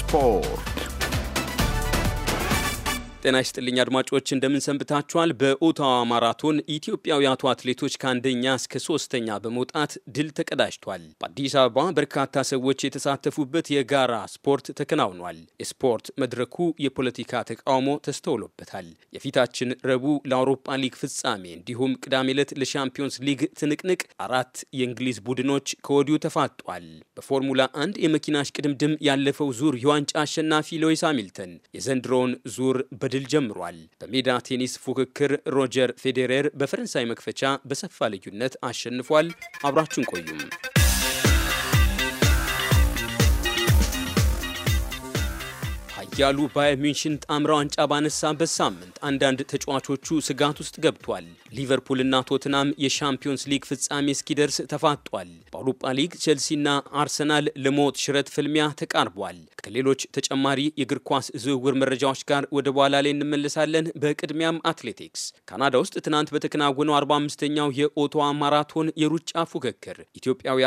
Spor. ጤና ይስጥልኝ አድማጮች እንደምን ሰንብታችኋል። በኦታዋ ማራቶን ኢትዮጵያውያቱ አትሌቶች ከአንደኛ እስከ ሶስተኛ በመውጣት ድል ተቀዳጅቷል። በአዲስ አበባ በርካታ ሰዎች የተሳተፉበት የጋራ ስፖርት ተከናውኗል። የስፖርት መድረኩ የፖለቲካ ተቃውሞ ተስተውሎበታል። የፊታችን ረቡዕ ለአውሮፓ ሊግ ፍጻሜ እንዲሁም ቅዳሜ ዕለት ለሻምፒዮንስ ሊግ ትንቅንቅ አራት የእንግሊዝ ቡድኖች ከወዲሁ ተፋጧል። በፎርሙላ አንድ የመኪና እሽቅድምድም ያለፈው ዙር የዋንጫ አሸናፊ ሎዊስ ሃሚልተን የዘንድሮውን ዙር በ በድል ጀምሯል። በሜዳ ቴኒስ ፉክክር ሮጀር ፌዴሬር በፈረንሳይ መክፈቻ በሰፋ ልዩነት አሸንፏል። አብራችን ቆዩም። ያሉ ባየር ሚንሽን ጣምራ ዋንጫ ባነሳበት ሳምንት አንዳንድ ተጫዋቾቹ ስጋት ውስጥ ገብቷል። ሊቨርፑልና ቶትናም የሻምፒዮንስ ሊግ ፍጻሜ እስኪደርስ ተፋጧል። በአውሮፓ ሊግ ቼልሲና አርሰናል ለሞት ሽረት ፍልሚያ ተቃርቧል። ከሌሎች ተጨማሪ የእግር ኳስ ዝውውር መረጃዎች ጋር ወደ በኋላ ላይ እንመለሳለን። በቅድሚያም አትሌቲክስ። ካናዳ ውስጥ ትናንት በተከናወነው 45ኛው የኦቶዋ ማራቶን የሩጫ ፉክክር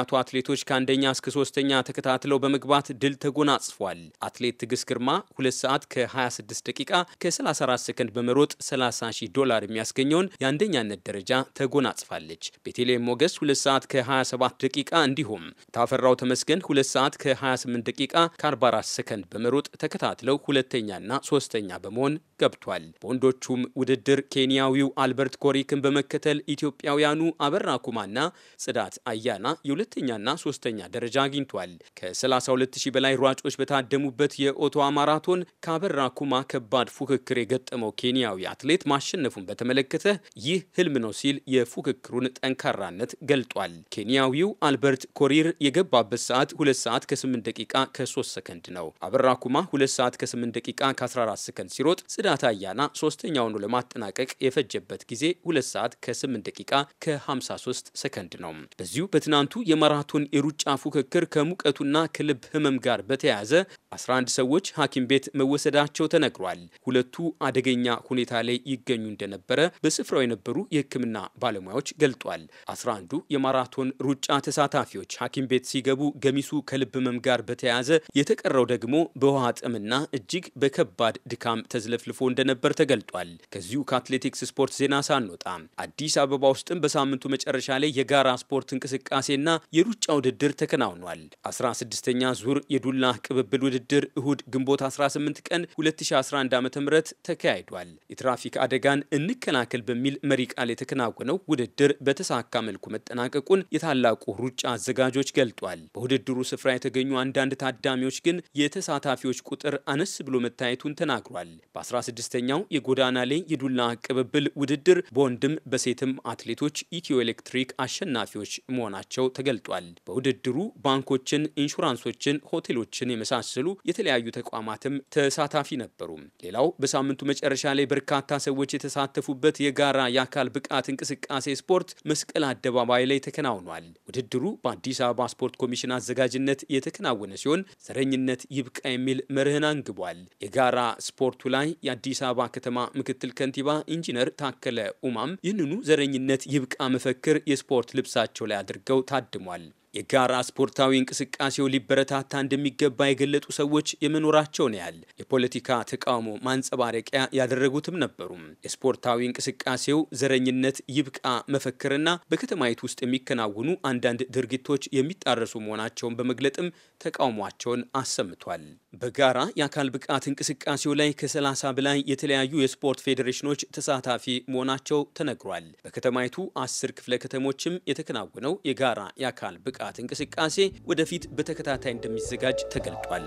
አቶ አትሌቶች ከአንደኛ እስከ ሶስተኛ ተከታትለው በመግባት ድል ተጎናጽፏል። አትሌት ትዕግስት ግርማ 2 ሰዓት ከ26 ደቂቃ ከ34 ሰከንድ በመሮጥ 30 ሺህ ዶላር የሚያስገኘውን የአንደኛነት ደረጃ ተጎናጽፋለች። ቤተልሔም ሞገስ 2 ሰዓት ከ27 ደቂቃ እንዲሁም ታፈራው ተመስገን 2 ሰዓት ከ28 ደቂቃ ከ44 ሰከንድ በመሮጥ ተከታትለው ሁለተኛና ሶስተኛ በመሆን ገብቷል። በወንዶቹም ውድድር ኬንያዊው አልበርት ኮሪክን በመከተል ኢትዮጵያውያኑ አበራ ኩማና ጽዳት አያና የሁለተኛና ሶስተኛ ደረጃ አግኝቷል። ከ32000 በላይ ሯጮች በታደሙበት የኦቶዋ ማራቶን ከአበራ ኩማ ከባድ ፉክክር የገጠመው ኬንያዊ አትሌት ማሸነፉን በተመለከተ ይህ ህልም ነው ሲል የፉክክሩን ጠንካራነት ገልጧል። ኬንያዊው አልበርት ኮሪር የገባበት ሰዓት 2 ሰዓት ከ8 ደቂቃ ከ3 ሰከንድ ነው። አበራ ኩማ 2 ሰዓት ከ8 ደቂቃ ከ14 ሰከንድ ሲሮጥ ጽዳት አያና ሶስተኛውን ለማጠናቀቅ የፈጀበት ጊዜ 2 ሰዓት ከ8 ደቂቃ ከ53 ሰከንድ ነው። በዚሁ በትናንቱ የማራቶን የሩጫ ፉክክር ከሙቀቱና ከልብ ህመም ጋር በተያያዘ 11 ሰዎች ሐኪም ቤት መወሰዳቸው ተነግሯል። ሁለቱ አደገኛ ሁኔታ ላይ ይገኙ እንደነበረ በስፍራው የነበሩ የሕክምና ባለሙያዎች ገልጧል። 11ዱ የማራቶን ሩጫ ተሳታፊዎች ሐኪም ቤት ሲገቡ ገሚሱ ከልብ ህመም ጋር በተያያዘ የተቀረው ደግሞ በውሃ ጥምና እጅግ በከባድ ድካም ተዝለፍል አሳልፎ እንደነበር ተገልጧል። ከዚሁ ከአትሌቲክስ ስፖርት ዜና ሳንወጣ አዲስ አበባ ውስጥም በሳምንቱ መጨረሻ ላይ የጋራ ስፖርት እንቅስቃሴና የሩጫ ውድድር ተከናውኗል። 16ኛ ዙር የዱላ ቅብብል ውድድር እሁድ ግንቦት 18 ቀን 2011 ዓ ም ተካሂዷል። የትራፊክ አደጋን እንከላከል በሚል መሪ ቃል የተከናወነው ውድድር በተሳካ መልኩ መጠናቀቁን የታላቁ ሩጫ አዘጋጆች ገልጧል። በውድድሩ ስፍራ የተገኙ አንዳንድ ታዳሚዎች ግን የተሳታፊዎች ቁጥር አነስ ብሎ መታየቱን ተናግሯል። በ 16ኛው የጎዳና ላይ የዱላ ቅብብል ውድድር በወንድም በሴትም አትሌቶች ኢትዮ ኤሌክትሪክ አሸናፊዎች መሆናቸው ተገልጧል። በውድድሩ ባንኮችን፣ ኢንሹራንሶችን፣ ሆቴሎችን የመሳሰሉ የተለያዩ ተቋማትም ተሳታፊ ነበሩ። ሌላው በሳምንቱ መጨረሻ ላይ በርካታ ሰዎች የተሳተፉበት የጋራ የአካል ብቃት እንቅስቃሴ ስፖርት መስቀል አደባባይ ላይ ተከናውኗል። ውድድሩ በአዲስ አበባ ስፖርት ኮሚሽን አዘጋጅነት የተከናወነ ሲሆን ዘረኝነት ይብቃ የሚል መርህን አንግቧል። የጋራ ስፖርቱ ላይ የአዲስ አበባ ከተማ ምክትል ከንቲባ ኢንጂነር ታከለ ኡማም ይህንኑ ዘረኝነት ይብቃ መፈክር የስፖርት ልብሳቸው ላይ አድርገው ታድሟል። የጋራ ስፖርታዊ እንቅስቃሴው ሊበረታታ እንደሚገባ የገለጡ ሰዎች የመኖራቸውን ያህል የፖለቲካ ተቃውሞ ማንጸባረቂያ ያደረጉትም ነበሩ። የስፖርታዊ እንቅስቃሴው ዘረኝነት ይብቃ መፈክርና በከተማይቱ ውስጥ የሚከናወኑ አንዳንድ ድርጊቶች የሚጣረሱ መሆናቸውን በመግለጥም ተቃውሟቸውን አሰምቷል። በጋራ የአካል ብቃት እንቅስቃሴው ላይ ከ30 በላይ የተለያዩ የስፖርት ፌዴሬሽኖች ተሳታፊ መሆናቸው ተነግሯል። በከተማይቱ አስር ክፍለ ከተሞችም የተከናወነው የጋራ የአካል ብቃት ብቃት እንቅስቃሴ ወደፊት በተከታታይ እንደሚዘጋጅ ተገልጧል።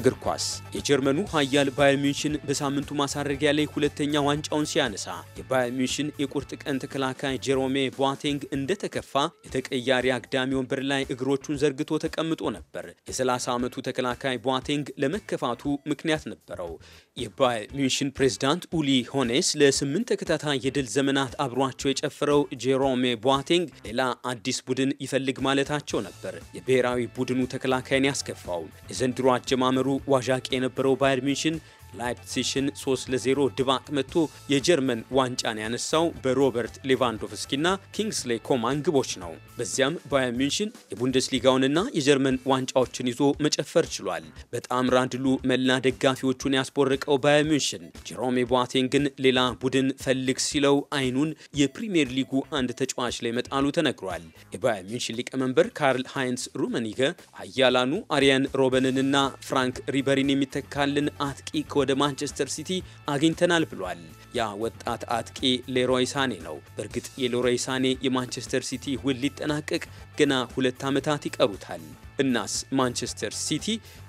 እግር ኳስ የጀርመኑ ኃያል ባየር ሚንሽን በሳምንቱ ማሳረጊያ ላይ ሁለተኛ ዋንጫውን ሲያነሳ የባየር ሚንሽን የቁርጥ ቀን ተከላካይ ጀሮሜ ቧቴንግ እንደተከፋ የተቀያሪ አግዳሚ ወንበር ላይ እግሮቹን ዘርግቶ ተቀምጦ ነበር። የ30 ዓመቱ ተከላካይ ቧቴንግ ለመከፋቱ ምክንያት ነበረው። የባየር ሚንሽን ፕሬዝዳንት ኡሊ ሆኔስ ለስምንት ተከታታይ የድል ዘመናት አብሯቸው የጨፈረው ጀሮሜ ቧቴንግ ሌላ አዲስ ቡድን ይፈልግ ማለታቸው ነበር የብሔራዊ ቡድኑ ተከላካይን ያስከፋው የዘንድሮ አጀማመ በጅምሩ ዋዣቅ የነበረው ባየር ሚንሽን ላይፕሲሽን 3 ለ0 ድባቅ መጥቶ የጀርመን ዋንጫን ያነሳው በሮበርት ሌቫንዶቭስኪና ኪንግስሌ ኮማን ግቦች ነው። በዚያም ባየር ሚንሽን የቡንደስሊጋውንና የጀርመን ዋንጫዎችን ይዞ መጨፈር ችሏል። በጣም ራድሉ መላ ደጋፊዎቹን ያስቦረቀው ባየር ሚንሽን ጀሮሜ ቧቴን ግን ሌላ ቡድን ፈልግ ሲለው አይኑን የፕሪምየር ሊጉ አንድ ተጫዋች ላይ መጣሉ ተነግሯል። የባየር ሚንሽን ሊቀመንበር ካርል ሃይንስ ሩመኒገ አያላኑ አሪያን ሮበንንና ፍራንክ ሪበሪን የሚተካልን አጥቂ ወደ ማንቸስተር ሲቲ አግኝተናል ብሏል። ያ ወጣት አጥቂ ሌሮይ ሳኔ ነው። በእርግጥ የሌሮይ ሳኔ የማንቸስተር ሲቲ ውል ሊጠናቀቅ ገና ሁለት ዓመታት ይቀሩታል። እናስ ማንቸስተር ሲቲ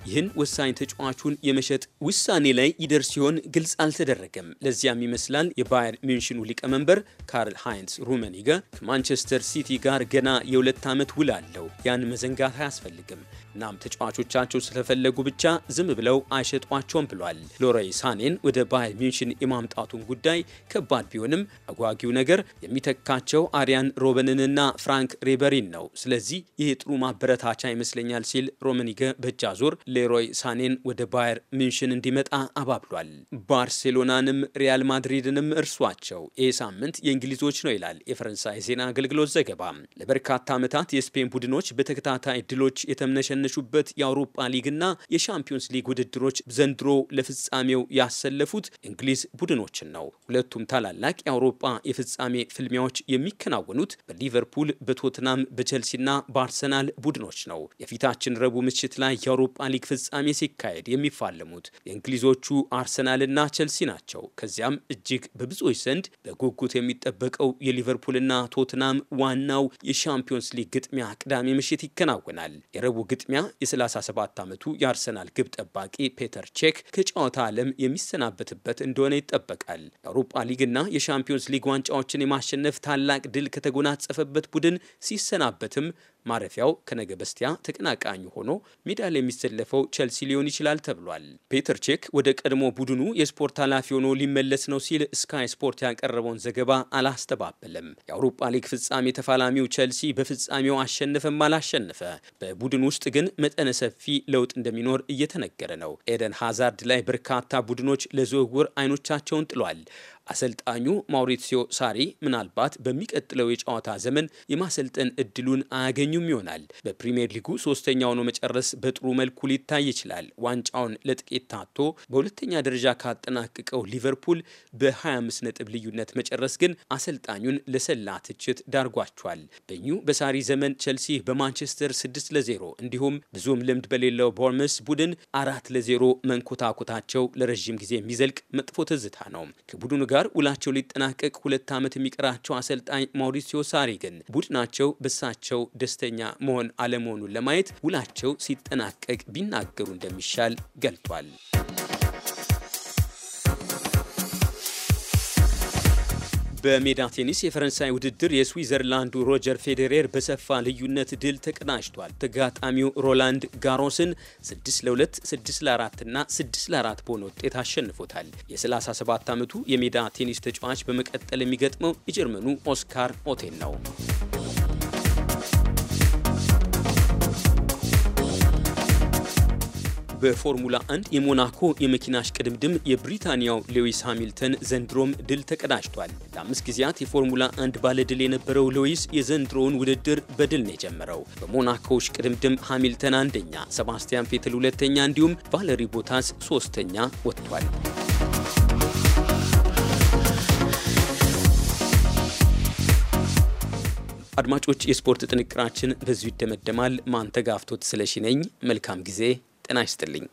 ይህን ወሳኝ ተጫዋቹን የመሸጥ ውሳኔ ላይ ይደርስ ሲሆን ግልጽ አልተደረገም። ለዚያም ይመስላል የባየር ሚንሽኑ ሊቀመንበር ካርል ሃይንስ ሩመኒገ ከማንቸስተር ሲቲ ጋር ገና የሁለት ዓመት ውል አለው። ያን መዘንጋት አያስፈልግም። እናም ተጫዋቾቻቸው ስለፈለጉ ብቻ ዝም ብለው አይሸጧቸውም ብሏል። ሎሬይ ሳኔን ወደ ባየር ሚንሽን የማምጣቱን ጉዳይ ከባድ ቢሆንም አጓጊው ነገር የሚተካቸው አሪያን ሮበንንና ፍራንክ ሬበሪን ነው። ስለዚህ ይህ ጥሩ ማበረታቻ ይመስላል ይመስለኛል ሲል ሮመኒገ በእጅ ዙር ሌሮይ ሳኔን ወደ ባየር ሚንሽን እንዲመጣ አባብሏል። ባርሴሎናንም ሪያል ማድሪድንም እርሷቸው። ይህ ሳምንት የእንግሊዞች ነው ይላል የፈረንሳይ ዜና አገልግሎት ዘገባ። ለበርካታ ዓመታት የስፔን ቡድኖች በተከታታይ ድሎች የተምነሸነሹበት የአውሮፓ ሊግና የሻምፒዮንስ ሊግ ውድድሮች ዘንድሮ ለፍጻሜው ያሰለፉት እንግሊዝ ቡድኖችን ነው። ሁለቱም ታላላቅ የአውሮፓ የፍጻሜ ፍልሚያዎች የሚከናወኑት በሊቨርፑል፣ በቶትናም፣ በቸልሲና በአርሰናል ቡድኖች ነው። የፊታችን ረቡዕ ምሽት ላይ የአውሮፓ ሊግ ፍጻሜ ሲካሄድ የሚፋለሙት የእንግሊዞቹ አርሰናልና ቸልሲ ናቸው። ከዚያም እጅግ በብዙዎች ዘንድ በጉጉት የሚጠበቀው የሊቨርፑልና ቶትናም ዋናው የሻምፒዮንስ ሊግ ግጥሚያ ቅዳሜ ምሽት ይከናወናል። የረቡዕ ግጥሚያ የ37 ዓመቱ የአርሰናል ግብ ጠባቂ ፔተር ቼክ ከጨዋታ ዓለም የሚሰናበትበት እንደሆነ ይጠበቃል። የአውሮፓ ሊግና የሻምፒዮንስ ሊግ ዋንጫዎችን የማሸነፍ ታላቅ ድል ከተጎናጸፈበት ቡድን ሲሰናበትም ማረፊያው ከነገ በስቲያ ተቀናቃኝ ሆኖ ሜዳ ላይ የሚሰለፈው ቸልሲ ሊሆን ይችላል ተብሏል። ፔተር ቼክ ወደ ቀድሞ ቡድኑ የስፖርት ኃላፊ ሆኖ ሊመለስ ነው ሲል ስካይ ስፖርት ያቀረበውን ዘገባ አላስተባበለም። የአውሮፓ ሊግ ፍጻሜ ተፋላሚው ቸልሲ በፍጻሜው አሸነፈም አላሸነፈ በቡድን ውስጥ ግን መጠነ ሰፊ ለውጥ እንደሚኖር እየተነገረ ነው። ኤደን ሃዛርድ ላይ በርካታ ቡድኖች ለዝውውር አይኖቻቸውን ጥሏል። አሰልጣኙ ማውሪሲዮ ሳሪ ምናልባት በሚቀጥለው የጨዋታ ዘመን የማሰልጠን እድሉን አያገኙም ይሆናል። በፕሪምየር ሊጉ ሶስተኛ ሆኖ መጨረስ በጥሩ መልኩ ሊታይ ይችላል። ዋንጫውን ለጥቂት ታቶ በሁለተኛ ደረጃ ካጠናቀቀው ሊቨርፑል በ25 ነጥብ ልዩነት መጨረስ ግን አሰልጣኙን ለሰላ ትችት ዳርጓቸዋል። በኙ በሳሪ ዘመን ቸልሲ በማንቸስተር 6 ለ0 እንዲሁም ብዙም ልምድ በሌለው ቦርመስ ቡድን አራት ለ0 መንኮታኮታቸው ለረዥም ጊዜ የሚዘልቅ መጥፎ ትዝታ ነው። ከቡድኑ ጋር ውላቸው ሊጠናቀቅ ሁለት ዓመት የሚቀራቸው አሰልጣኝ ማውሪሲዮ ሳሪ ግን ቡድናቸው በሳቸው ደስተኛ መሆን አለመሆኑን ለማየት ውላቸው ሲጠናቀቅ ቢናገሩ እንደሚሻል ገልጧል። በሜዳ ቴኒስ የፈረንሳይ ውድድር የስዊዘርላንዱ ሮጀር ፌዴሬር በሰፋ ልዩነት ድል ተቀናጅቷል። ተጋጣሚው ሮላንድ ጋሮስን 6 ለ2፣ 6 ለ4 እና 6 ለ4 በሆነ ውጤት አሸንፎታል። የ37 ዓመቱ የሜዳ ቴኒስ ተጫዋች በመቀጠል የሚገጥመው የጀርመኑ ኦስካር ኦቴን ነው። በፎርሙላ 1 የሞናኮ የመኪና እሽቅድምድም የብሪታንያው ሌዊስ ሃሚልተን ዘንድሮም ድል ተቀዳጅቷል። ለአምስት ጊዜያት የፎርሙላ 1 ባለድል የነበረው ሌዊስ የዘንድሮውን ውድድር በድል ነው የጀመረው። በሞናኮ እሽቅድምድም ሃሚልተን አንደኛ፣ ሰባስቲያን ፌትል ሁለተኛ፣ እንዲሁም ቫለሪ ቦታስ ሶስተኛ ወጥቷል። አድማጮች፣ የስፖርት ጥንቅራችን በዚሁ ይደመደማል። ማንተጋፍቶት ስለሺ ነኝ። መልካም ጊዜ። ጤና ይስጥልኝ።